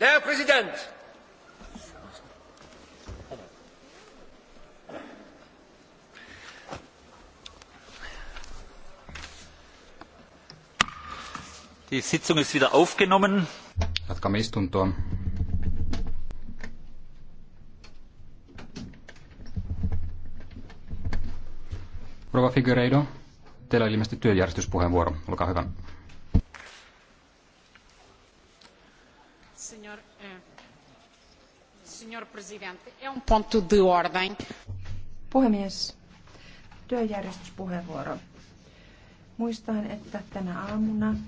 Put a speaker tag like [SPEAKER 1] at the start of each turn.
[SPEAKER 1] Herr Präsident!
[SPEAKER 2] Die Sitzung ist wieder aufgenommen. Jatkamme istuntoa. Rova Figueiredo, teillä oli ilmeisesti työjärjestyspuheenvuoro. Olkaa hyvä. Senhor, eh, um
[SPEAKER 1] Puhemies, työjärjestyspuheenvuoro. Muistan, että tänä aamuna